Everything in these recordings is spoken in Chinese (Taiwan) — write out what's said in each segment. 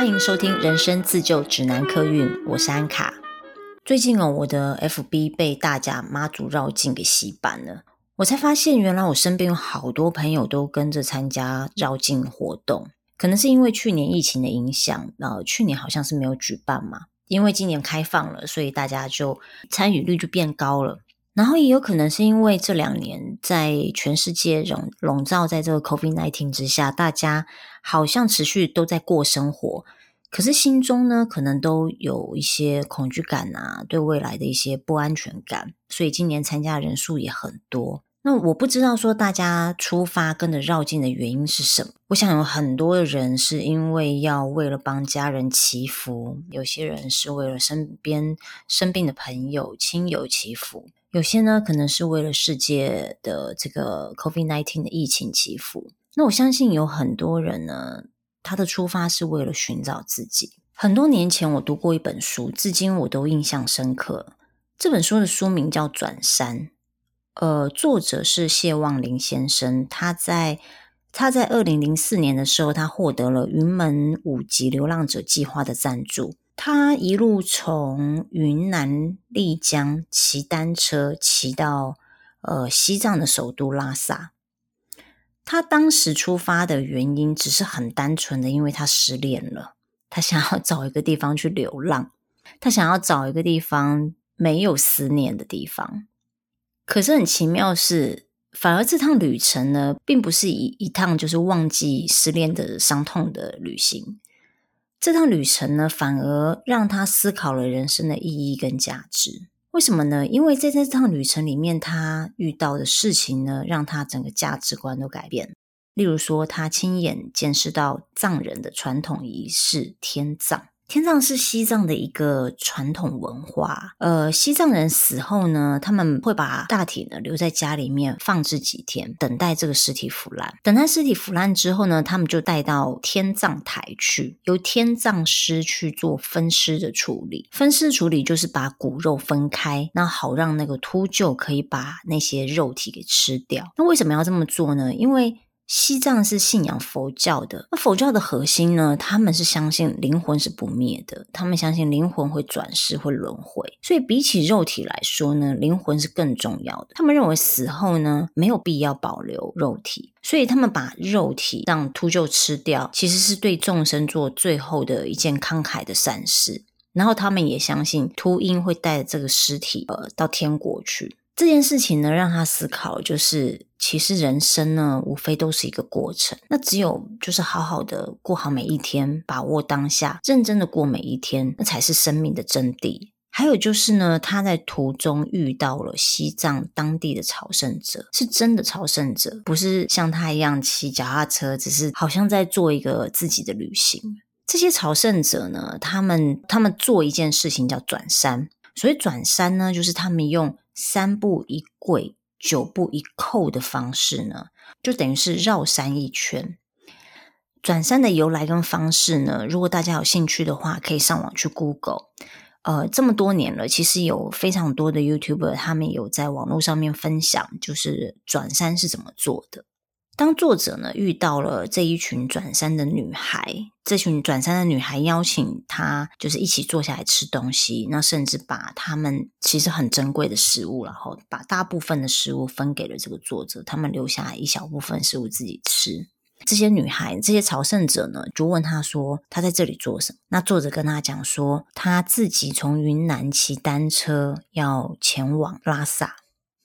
歡迎收聽《人生自救指南》客運，我是安卡。最近哦，我的 FB 被大甲媽祖繞境給洗版了，我才發現原來我身邊有好多朋友都跟着參加繞境活動。可能是因為去年疫情的影響，呃，去年好像是沒有舉辦嘛，因為今年開放了，所以大家就參與率就變高了。然後也有可能是因為這兩年在全世界籠籠罩在這個 COVID nineteen 之下，大家好像持續都在過生活，可是心中呢，可能都有一些恐懼感啊，對未來的一些不安全感，所以今年參加的人數也很多。那我不知道說大家出發跟着繞境的原因是什麼？我想有很多的人是因為要為了幫家人祈福，有些人是為了身邊生病的朋友親友祈福。有些呢，可能是為了世界的這個 COVID-19 的疫情祈福。那我相信有很多人呢，他的出發是為了尋找自己。很多年前，我讀過一本書，至今我都印象深刻。這本書的書名叫《轉山》，呃，作者是謝旺霖先生。他在他在二零零四年的時候，他獲得了雲門舞集流浪者計劃的贊助。他一路從雲南麗江騎單車騎到呃西藏的首都拉薩。他當時出發的原因只是很單純的，因為他失戀了，他想要找一個地方去流浪，他想要找一個地方沒有思念的地方。可是很奇妙的是，反而這趟旅程呢，並不是一一趟就是忘記失戀的傷痛的旅行。這趟旅程呢，反而讓他思考了人生的意義跟價值。為什麼呢？因為在這趟旅程裡面，他遇到的事情呢，讓他整個價值觀都改變。例如說，他親眼見識到藏人的傳統儀式——天葬。天葬是西藏的一個傳統文化。呃，西藏人死後呢，他們會把大體呢留在家裡面放置幾天，等待這個屍體腐爛。等待屍體腐爛之後呢，他們就帶到天葬台去，由天葬師去做分屍的處理。分屍處理就是把骨肉分開，那好讓那個禿鷲可以把那些肉體給吃掉。那為什麼要這麼做呢？因為西藏是信仰佛教的，那佛教的核心呢，他們是相信靈魂是不滅的，他們相信靈魂會轉世會輪回，所以比起肉體來說呢，靈魂是更重要的。他們認為死後呢，沒有必要保留肉體，所以他們把肉體讓禿鷲吃掉，其實是對眾生做最後的一件慷慨的善事。然後他們也相信禿鷹會帶着這個屍體呃到天國去。這件事情呢，讓他思考，就是其實人生呢，無非都是一個過程。那只有就是好好的過好每一天，把握當下，認真的過每一天，那才是生命的真諦。還有就是呢，他在途中遇到了西藏當地的朝聖者，是真的朝聖者，不是像他一樣騎腳踏車，只是好像在做一個自己的旅行。這些朝聖者呢，他們他們做一件事情叫轉山，所以轉山呢，就是他們用。三步一跪，九步一叩的方式呢，就等於是繞山一圈。轉山的由來跟方式呢，如果大家有興趣的話，可以上網去 Google。呃，這麼多年了，其實有非常多的 YouTuber 他們有在網絡上面分享，就是轉山是怎麼做的。當作者呢遇到了這一群轉山的女孩，這群轉山的女孩邀請他，就是一起坐下來吃東西。那甚至把他們其實很珍貴的食物，然後把大部分的食物分給了這個作者，他們留下一小部分食物自己吃。這些女孩，這些朝聖者呢，就問他說，她在這裡做什麼？那作者跟她講說，她自己從雲南騎單車要前往拉薩。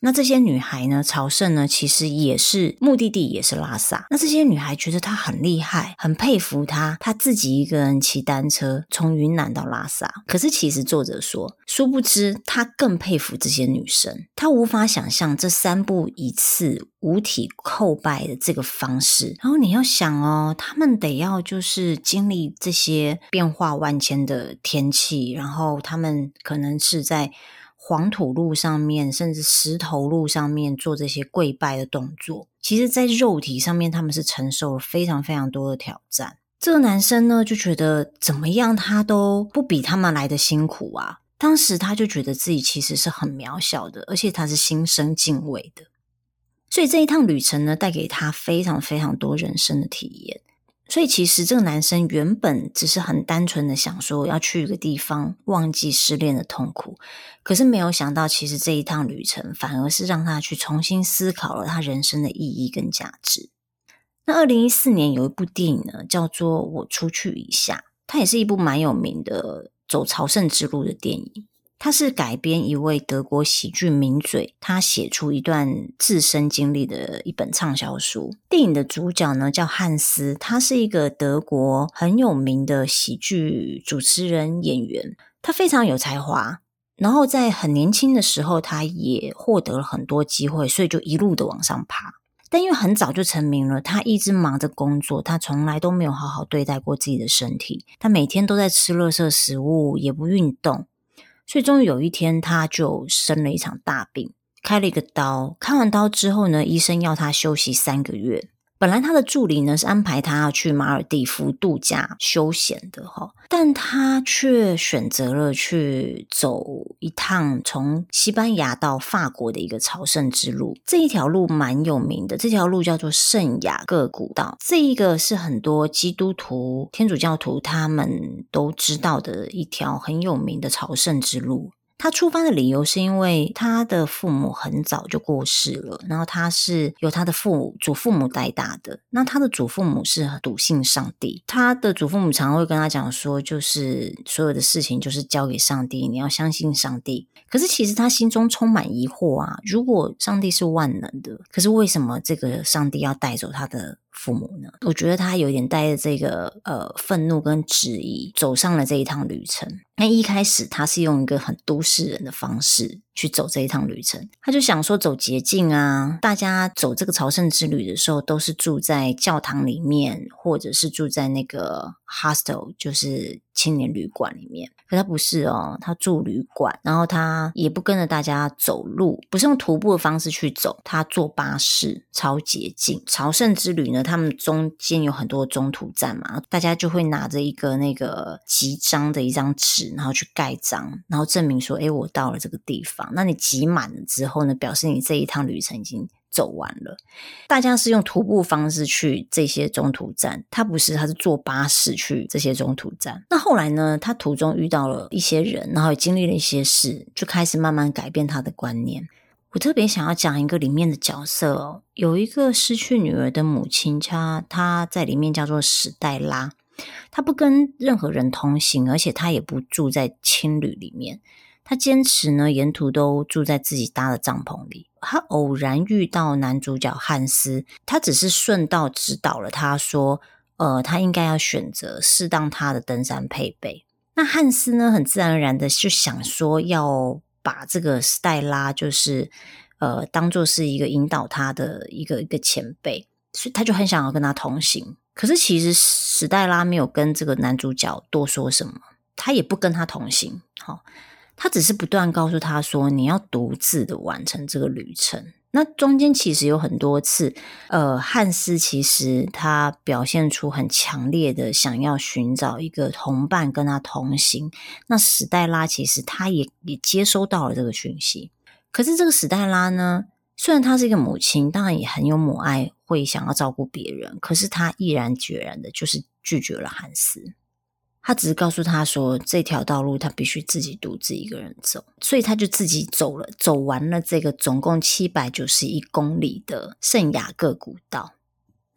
那這些女孩呢，朝聖呢，其實也是目的地，也是拉薩。那這些女孩覺得她很厲害，很佩服她。她自己一個人騎單車從雲南到拉薩。可是其實作者說，殊不知她更佩服這些女生。她無法想象，這三步一次五體叩拜的這個方式。然後你要想哦，他們得要就是經歷這些變化萬千的天氣，然後他們可能是在黃土路上面，甚至石頭路上面做這些跪拜的動作，其實，在肉體上面，他們是承受了非常非常多的挑戰。這個男生呢，就覺得怎麼樣，他都不比他們來得辛苦啊。當時他就覺得自己其實是很渺小的，而且他是心生敬畏的。所以這一趟旅程呢，帶給他非常非常多人生的體驗。所以，其實這個男生原本只是很單純的想說要去一個地方忘記失戀的痛苦，可是沒有想到，其實這一趟旅程反而是讓他去重新思考了他人生的意義跟價值。那二零一四年有一部電影呢，叫做《我出去一下》，它也是一部蠻有名的走朝聖之路的電影。他是改編一位德國喜劇名嘴，他寫出一段自身經歷的一本暢銷書。電影的主角呢，叫漢斯，他是一個德國很有名的喜劇主持人、演員，他非常有才華。然後在很年輕的時候，他也獲得了很多機會，所以就一路的往上爬。但因為很早就成名了，他一直忙着工作，他從來都沒有好好對待過自己的身體。他每天都在吃垃圾食物，也不運動。所以終於有一天，他就生了一場大病，開了一個刀，開完刀之後呢，醫生要他休息三個月。本來他的助理呢，是安排他要去馬爾地夫度假休閒的哈、哦，但他却選擇了去走一趟從西班牙到法國的一個朝聖之路。這一條路蠻有名的，這條路叫做聖雅各古道，這一個是很多基督徒、天主教徒他們都知道的一條很有名的朝聖之路。他出發的理由是因為他的父母很早就過世了，然後他是由他的父母、祖父母帶大的。那他的祖父母是篤信上帝，他的祖父母常常會跟他講說，就是所有的事情就是交給上帝，你要相信上帝。可是其實他心中充滿疑惑啊，如果上帝是萬能的，可是為什麼這個上帝要帶走他的？父母呢？我覺得他有點帶着這個呃憤怒跟質疑，走上了這一趟旅程。那一開始，他是用一個很都市人的方式。去走這一趟旅程，他就想說走捷徑啊！大家走這個朝聖之旅的時候，都是住在教堂裡面，或者是住在那個 hostel，就是青年旅館裡面。可他不是哦，他住旅館，然後他也不跟着大家走路，不是用徒步的方式去走，他坐巴士，超捷徑。朝聖之旅呢，他們中間有很多中途站嘛，大家就會拿着一個那個集章的一張紙，然後去蓋章，然後證明說：哎，我到了這個地方。那你集滿了之後呢？表示你這一趟旅程已經走完了。大家是用徒步方式去這些中途站，他不是，他是坐巴士去這些中途站。那後來呢？他途中遇到了一些人，然後也經歷了一些事，就開始慢慢改變他的觀念。我特別想要講一個裡面的角色哦，有一個失去女兒的母親，她她在裡面叫做史黛拉，她不跟任何人同行，而且她也不住在青旅裡面。他堅持呢，沿途都住在自己搭的帳篷裡。他偶然遇到男主角漢斯，他只是順道指導了他，說：“呃，他應該要選擇適當他的登山配備。”那漢斯呢，很自然而然的就想說要把這個史黛拉，就是呃，當做是一個引導他的一個一個前輩，所以他就很想要跟他同行。可是其實史黛拉沒有跟這個男主角多說什麼，他也不跟他同行。哦。他只是不斷告訴他說：“你要獨自的完成這個旅程。”那中間其實有很多次，呃，漢斯其實他表現出很強烈的想要尋找一個同伴跟他同行。那史黛拉其實他也也接收到了這個訊息。可是這個史黛拉呢，雖然她是一個母親，當然也很有母愛，會想要照顧別人。可是她毅然決然的，就是拒絕了漢斯。他只是告訴他說，這條道路他必須自己獨自一個人走，所以他就自己走了，走完了這個總共七百九十一公里的聖雅各古道。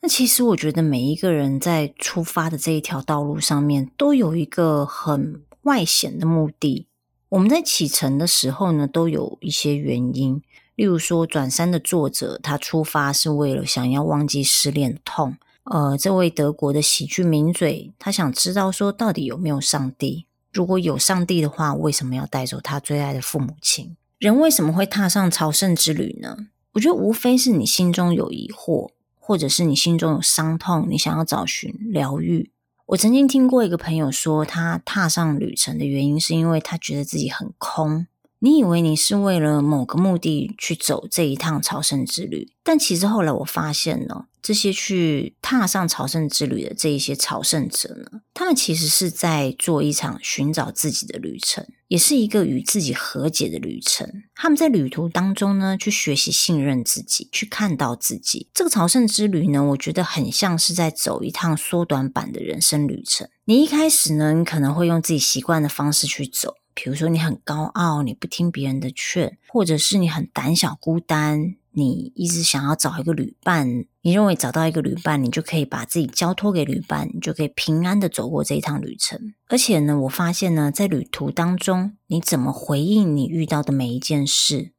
那其實我覺得每一個人在出發的這一條道路上面，都有一個很外顯的目的。我們在啟程的時候呢，都有一些原因，例如說轉山的作者他出發是為了想要忘記失戀痛。呃，這位德國的喜劇名嘴，他想知道說，到底有沒有上帝？如果有上帝的話，為什麼要帶走他最愛的父母親？人為什麼會踏上朝聖之旅呢？我覺得無非是你心中有疑惑，或者是你心中有傷痛，你想要找尋療癒。我曾經聽過一個朋友說，他踏上旅程的原因是因為他覺得自己很空。你以為你是為了某個目的去走這一趟朝聖之旅，但其實後來我發現呢。這些去踏上朝聖之旅的這一些朝聖者呢，他們其實是在做一場尋找自己的旅程，也是一個與自己和解的旅程。他們在旅途當中呢，去學習信任自己，去看到自己。這個朝聖之旅呢，我覺得很像是在走一趟縮短版的人生旅程。你一開始呢，你可能會用自己習慣的方式去走，比如說你很高傲，你不聽別人的勸，或者是你很膽小孤單，你一直想要找一個旅伴。你認為找到一個旅伴，你就可以把自己交托給旅伴，你就可以平安的走過這一趟旅程。而且呢，我發現呢，在旅途當中，你怎麼回應你遇到的每一件事，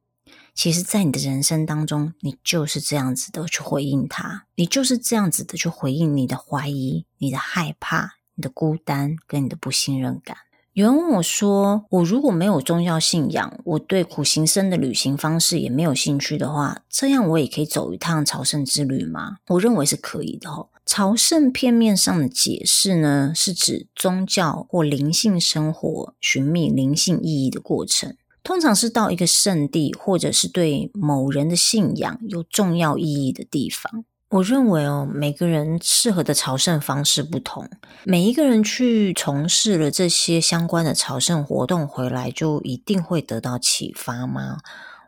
其實在你的人生當中，你就是這樣子的去回應他，你就是這樣子的去回應你的懷疑、你的害怕、你的孤單跟你的不信任感。有人問我說：“我如果沒有宗教信仰，我對苦行僧的旅行方式也沒有興趣的話，這樣我也可以走一趟朝聖之旅嗎？”我認為是可以的。哦，朝聖片面上的解釋呢，是指宗教或靈性生活尋覓靈性意義的過程，通常是到一個聖地，或者是對某人的信仰有重要意義的地方。我認為哦，每個人適合的朝聖方式不同。每一個人去從事了這些相關的朝聖活動回來，就一定會得到啟發嗎？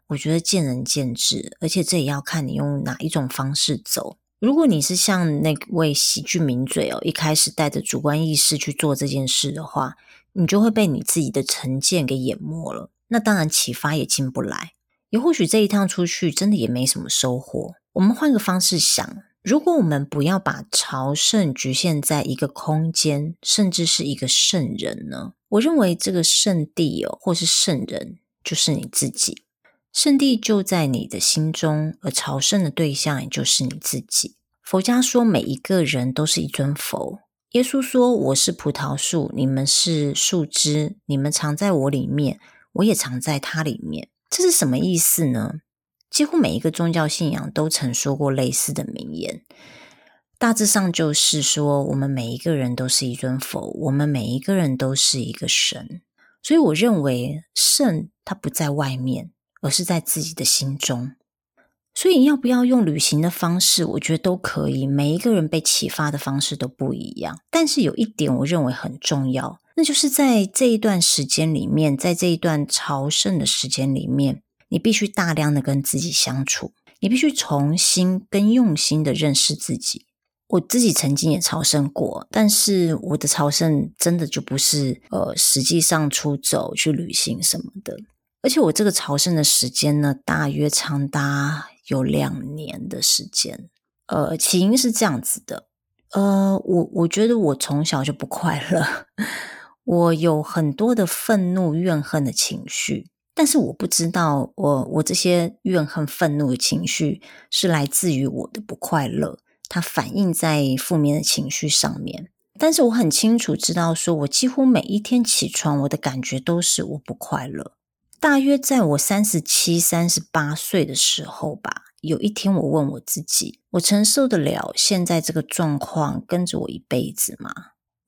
我覺得見仁見智，而且這也要看你用哪一種方式走。如果你是像那位喜劇名嘴哦，一開始帶着主觀意識去做這件事的話，你就會被你自己的成見給淹沒了。那當然啟發也進不來，也或許這一趟出去真的也沒什麼收穫。我們換個方式想，如果我們不要把朝聖侷限在一個空間，甚至是一個聖人呢？我認為這個聖地哦，或是聖人，就是你自己。聖地就在你的心中，而朝聖的對象也就是你自己。佛家說，每一個人都是一尊佛。耶穌說：“我是葡萄樹，你們是樹枝。你們藏在我裡面，我也藏在他裡面。”這是什麼意思呢？幾乎每一個宗教信仰都曾說過類似的名言，大致上就是說，我們每一個人都是一尊佛，我們每一個人都是一個神。所以，我認為聖它不在外面，而是在自己的心中。所以，要不要用旅行的方式，我覺得都可以。每一個人被啟發的方式都不一樣，但是有一點，我認為很重要，那就是在這一段時間裡面，在這一段朝聖的時間裡面。你必須大量的跟自己相處，你必須重新跟用心的認識自己。我自己曾經也朝聖過，但是我的朝聖真的就不是呃，實際上出走去旅行什麼的。而且我這個朝聖的時間呢，大約長達有兩年的時間。呃，起因是這樣子的，呃，我我覺得我從小就不快樂，我有很多的憤怒、怨恨的情緒。但是我不知道，我我這些怨恨、憤怒的情緒是來自於我的不快樂，它反映在負面的情緒上面。但是我很清楚知道說，我幾乎每一天起床，我的感覺都是我不快樂。大約在我三十七、三十八歲的時候吧，有一天我問我自己，我承受得了現在這個狀況跟着我一輩子嗎？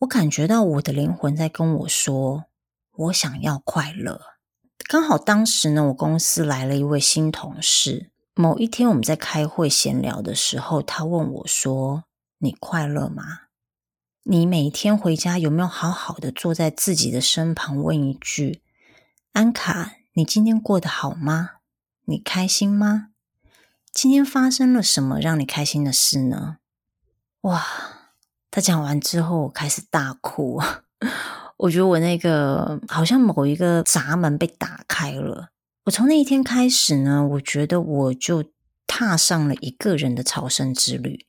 我感覺到我的靈魂在跟我說，我想要快樂。剛好當時呢，我公司來了一位新同事。某一天我們在開會閒聊的時候，他問我說：“你快樂嗎？你每一天回家有沒有好好的坐在自己的身旁，問一句：安卡，你今天過得好嗎？你開心嗎？今天發生了什麼讓你開心的事呢？”哇！他講完之後，我開始大哭。我覺得我那個好像某一個閘門被打開了。我從那一天開始呢，我覺得我就踏上了一個人的朝聖之旅。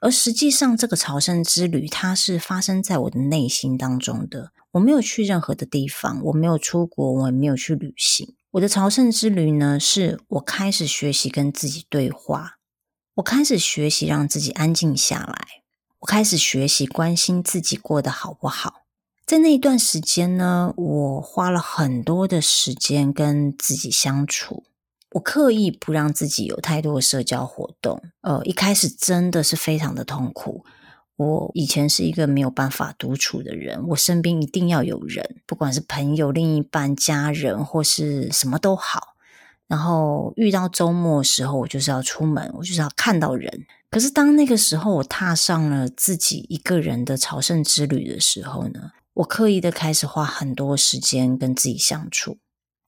而實際上，這個朝聖之旅它是發生在我的內心當中的。我沒有去任何的地方，我沒有出國，我也沒有去旅行。我的朝聖之旅呢，是我開始學習跟自己對話，我開始學習讓自己安靜下來，我開始學習關心自己過得好不好。在那一段時間呢，我花了很多的時間跟自己相處。我刻意不讓自己有太多的社交活動。呃，一開始真的是非常的痛苦。我以前是一個沒有辦法獨處的人，我身邊一定要有人，不管是朋友、另一半、家人或是什麼都好。然後遇到週末的時候，我就是要出門，我就是要看到人。可是當那個時候，我踏上了自己一個人的朝聖之旅的時候呢，我刻意的開始花很多時間跟自己相處，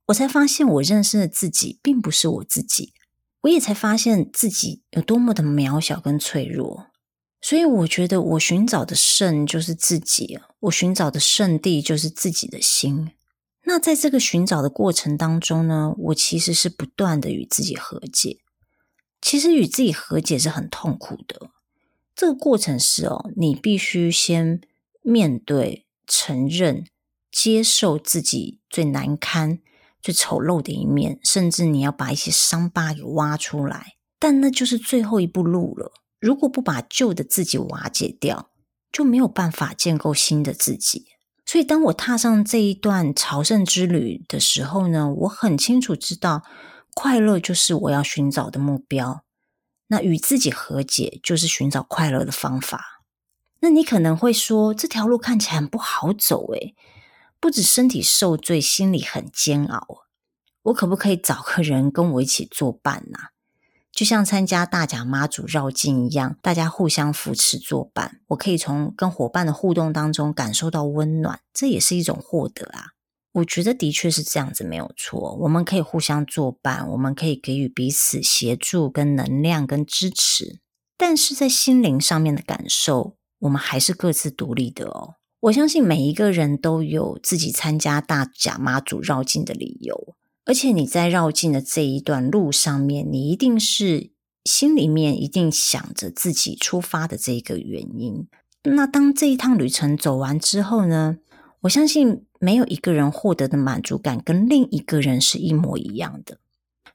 我才發現我認識的自己並不是我自己，我也才發現自己有多麼的渺小跟脆弱。所以我覺得我尋找的聖就是自己，我尋找的聖地就是自己的心。那在這個尋找的過程當中呢，我其實是不斷的與自己和解。其實與自己和解是很痛苦的，這個過程是哦，你必須先面對。承認、接受自己最難堪、最醜陋的一面，甚至你要把一些傷疤給挖出來，但那就是最後一步路了。如果不把舊的自己瓦解掉，就沒有辦法建構新的自己。所以，當我踏上這一段朝聖之旅的時候呢，我很清楚知道，快樂就是我要尋找的目標。那與自己和解，就是尋找快樂的方法。那你可能會說，這條路看起來很不好走誒，不止身體受罪，心裡很煎熬。我可不可以找個人跟我一起作伴呢、啊？就像參加大甲媽祖繞境一樣，大家互相扶持作伴。我可以從跟夥伴的互動當中感受到溫暖，這也是一種獲得啊。我覺得的確是這樣子，沒有錯。我們可以互相作伴，我們可以給予彼此協助、跟能量跟支持。但是在心靈上面的感受。我們還是各自獨立的哦。我相信每一個人都有自己參加大甲媽祖繞境的理由，而且你在繞境的這一段路上面，你一定是心裡面一定想着自己出發的這一個原因。那當這一趟旅程走完之後呢，我相信沒有一個人獲得的滿足感跟另一個人是一模一樣的，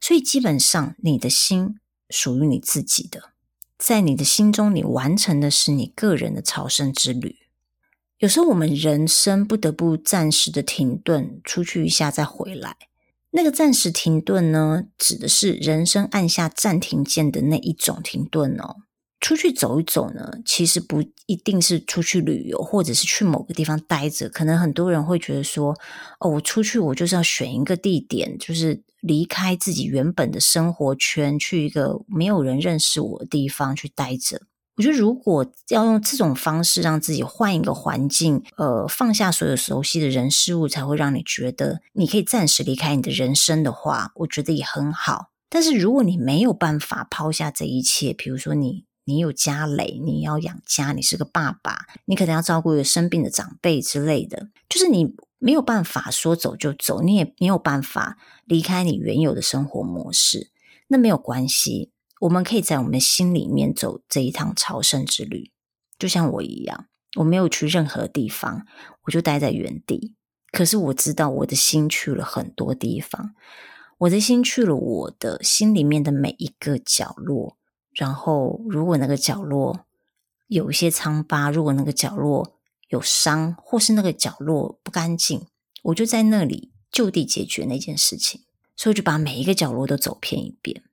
所以基本上你的心屬於你自己的。在你的心中，你完成的是你個人的朝聖之旅。有時候我們人生不得不暫時的停頓，出去一下再回來。那個暫時停頓呢，指的是人生按下暫停鍵的那一種停頓哦。出去走一走呢，其實不一定是出去旅遊，或者是去某個地方待着。可能很多人會覺得說，哦，我出去我就是要選一個地點，就是。離開自己原本的生活圈，去一個沒有人認識我的地方去待着。我覺得，如果要用這種方式讓自己換一個環境，呃，放下所有熟悉的人事物，才會讓你覺得你可以暫時離開你的人生的話，我覺得也很好。但是，如果你沒有辦法拋下這一切，比如說你你有家累，你要養家，你是個爸爸，你可能要照顧一個生病的長輩之類的，就是你沒有辦法說走就走，你也沒有辦法，離開你原有的生活模式，那沒有關係。我們可以在我們心裡面走這一趟朝聖之旅，就像我一樣，我沒有去任何地方，我就待在原地。可是我知道，我的心去了很多地方，我的心去了我的心裡面的每一個角落。然後，如果那個角落有一些瘡疤，如果那個角落有傷，或是那個角落不乾淨，我就在那裡。就地解決那件事情，所以就把每一個角落都走遍一遍。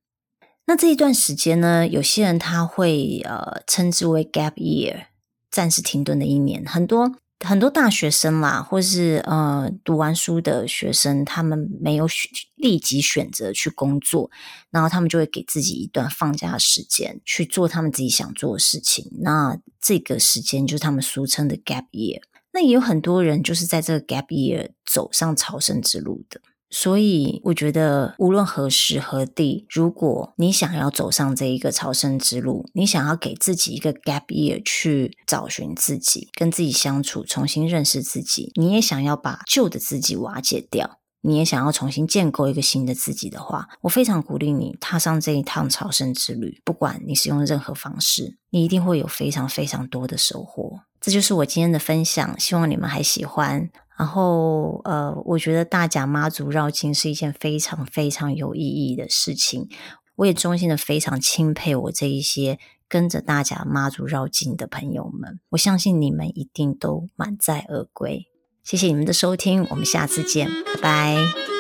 那這一段時間呢，有些人他會呃稱之為 gap year，暫時停頓的一年。很多很多大學生啦，或是呃讀完書的學生，他們沒有選立即選擇去工作，然後他們就會給自己一段放假時間，去做他們自己想做的事情。那這個時間就是他們俗稱的 gap year。那也有很多人就是在這個 gap year 走上朝聖之路的，所以我覺得無論何時何地，如果你想要走上這一個朝聖之路，你想要給自己一個 gap year 去找尋自己，跟自己相處，重新認識自己，你也想要把舊的自己瓦解掉。你也想要重新建構一個新的自己的話，我非常鼓勵你踏上這一趟朝聖之旅。不管你是用任何方式，你一定會有非常非常多的收穫。這就是我今天的分享，希望你們還喜歡。然後，呃，我覺得大甲媽祖繞境是一件非常非常有意義的事情。我也衷心的非常欽佩我這一些跟着大甲媽祖繞境的朋友們。我相信你們一定都滿載而歸。謝謝你們的收聽，我們下次見，拜拜。